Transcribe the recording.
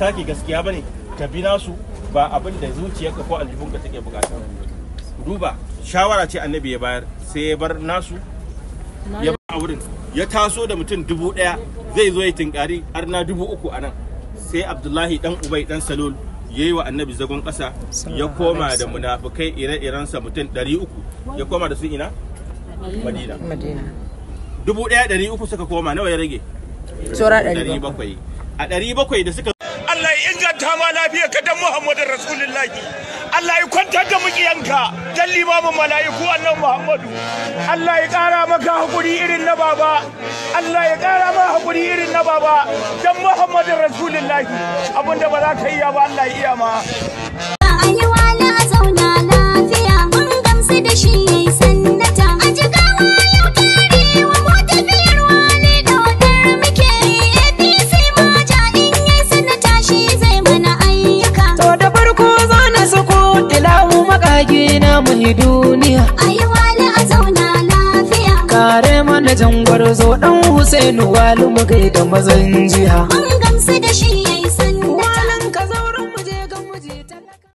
take gaskiya bane ka bi nasu ba abin da zuciyarka ko aljihunka take bukata duba shawara ce annabi ya bayar sai ya bar nasu ya ba wurin ya taso da mutum dubu daya zai zo ya tinkari har na dubu uku a nan sai abdullahi dan ubai dan salul ya yi wa annabi zagon ƙasa ya koma da munafukai ire-irensa mutum ɗari uku ya koma da su ina madina dubu ɗaya ɗari uku suka koma nawa ya rage saura ɗari bakwai a ɗari bakwai da suka Allah ya inganta ma lafiya ka dan Muhammadu Rasulullahi Allah ya kwantar da mukiyanka dan limamin mala'iku annan Muhammadu Allah ya ƙara maka hakuri irin na baba Allah ya ƙara ma hakuri irin na baba dan Muhammadu Rasulullahi abinda ba za ka iya ba Allah ya iya ma da farko za na sako tilawu Makagi na mai duniya. Ayi wali a zauna lafiya. Kare mana jangwar zo ɗan Husainu wali mu da mazan jiha. Mun gamsu da shi ya yayi